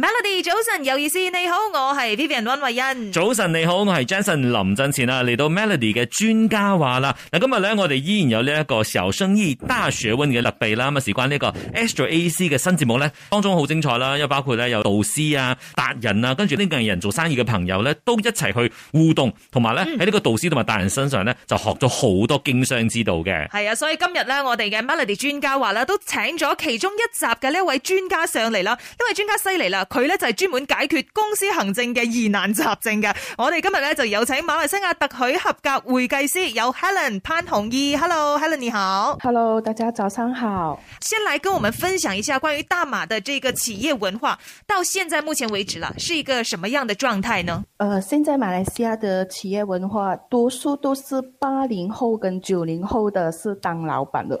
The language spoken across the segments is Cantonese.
Melody 早晨，有意思，你好，我係 Vivian 溫慧欣。早晨你好，我係 Jason 林振前啊，嚟到 Melody 嘅專家話啦。嗱，今日咧我哋依然有呢一個小生意大學問嘅特備啦。咁啊，事關呢個 Extra A. C. 嘅新節目咧，當中好精彩啦，因為包括咧有導師啊、達人啊，跟住呢個人做生意嘅朋友咧，都一齊去互動，同埋咧喺呢個導師同埋達人身上咧，就學咗好多經商之道嘅。係、嗯、啊，所以今日咧我哋嘅 Melody 專家話啦，都請咗其中一集嘅呢一位專家上嚟啦，呢位專家犀利啦。佢呢就係、是、專門解決公司行政嘅疑難雜症嘅。我哋今日呢就有請馬來西亞特許合格會計師，由 Helen 潘虹伊。Hello，Helen，你好。Hello，大家早上好。先來跟我們分享一下關於大馬的這個企業文化，到現在目前為止啦，是一個什麼樣的狀態呢？誒、呃，現在馬來西亞的企業文化，多數都是八零後跟九零後嘅，是當老闆嘅。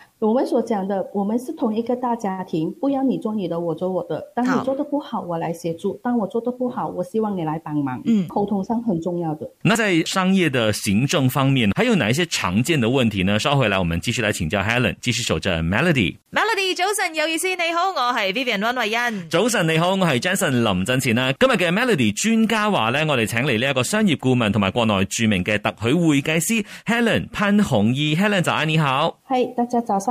我們所講的，我們是同一個大家庭，不要你做你的，我做我的。當你做得不好，我來協助；當我做得不好，我希望你來幫忙。嗯，溝通上很重要的。那在商業的行政方面，還有哪一些常見的問題呢？稍回來，我們繼續來請教 Helen，繼續守着 Melody。Melody，早晨，有意思，你好，我係 Vivian 溫慧恩。早晨，你好，我係 Jason 林振前呢，今日嘅 Melody 專家話呢，我哋請嚟呢一個商業顧問同埋國內著名嘅特許會計師 Helen 潘虹伊。Helen 早安你好，嗨、hey, 大家早上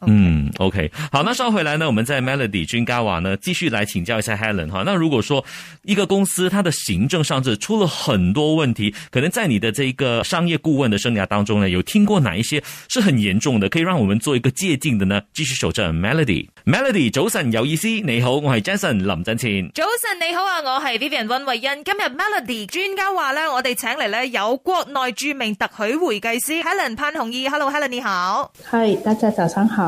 Okay. 嗯，OK，好，那收回來呢，我們在 Melody 專家話呢繼續來請教一下 Helen 哈。那如果說一個公司它的行政上次出了很多問題，可能在你的這個商業顧問的生涯當中呢，有聽過哪一些是很嚴重的，可以讓我們做一個界定的呢？繼續守陣，Melody，Melody，早晨有意思，你好，我係 Jason 林振前。早晨你好啊，我係 Vivian 温慧欣。今日 Melody 專家話呢，我哋請嚟呢有國內著名特許會計師 Helen 潘虹伊。Hello Helen 你好，嗨大家早上好。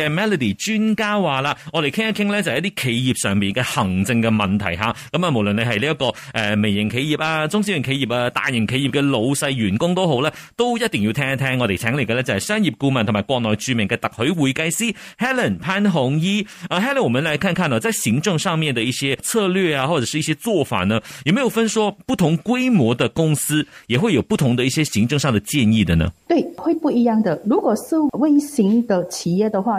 嘅 Melody 專家話啦，我哋傾一傾咧，就係、是、一啲企業上面嘅行政嘅問題吓。咁、嗯、啊，無論你係呢一個誒微、呃、型企業啊、中小型企業啊、大型企業嘅老細員工都好咧，都一定要聽一聽我哋請嚟嘅咧，就係、是、商業顧問同埋國內著名嘅特許會計師 Helen 潘虹伊。啊、uh, Helen，我們來看看啦、啊，在行政上面的一些策略啊，或者是一些做法呢，有沒有分說不同規模的公司也會有不同的一些行政上的建議的呢？對，會不一樣的。如果是微型的企業嘅話，